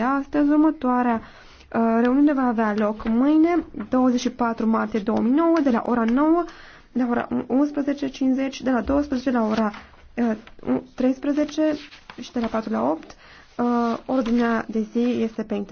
de astăzi. Următoarea uh, reuniune va avea loc mâine, 24 martie 2009, de la ora 9, de la ora 11.50, de la 12 la ora 13 uh, și de la 4 la 8. Uh, ordinea de zi este pe internet.